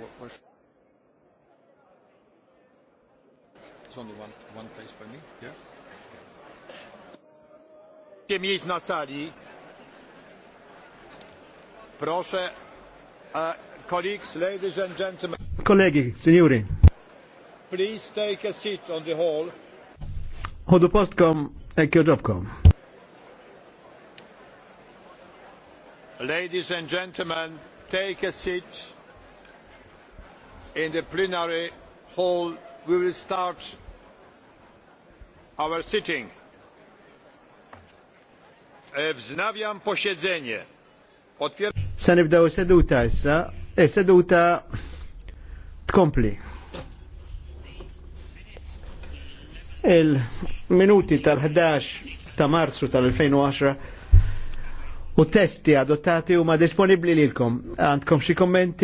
Where, It's only one, one place for me, yeah? Kim jest na sali. Proszę, uh, colleagues, ladies and gentlemen. Kolegi, signori. Please take a seat on the hall. Hodu postkom, ekkjo ġobkom. Ladies and gentlemen, take a seat in the plenary hall we will start our sitting. E, wznawiam posiedzenie. Otwier Sa nibdaw seduta issa, e seduta tkompli. Il-minuti tal-11 ta' marzu tal-2010 u testi adottati huma disponibbli lilkom. Għandkom xi kommenti?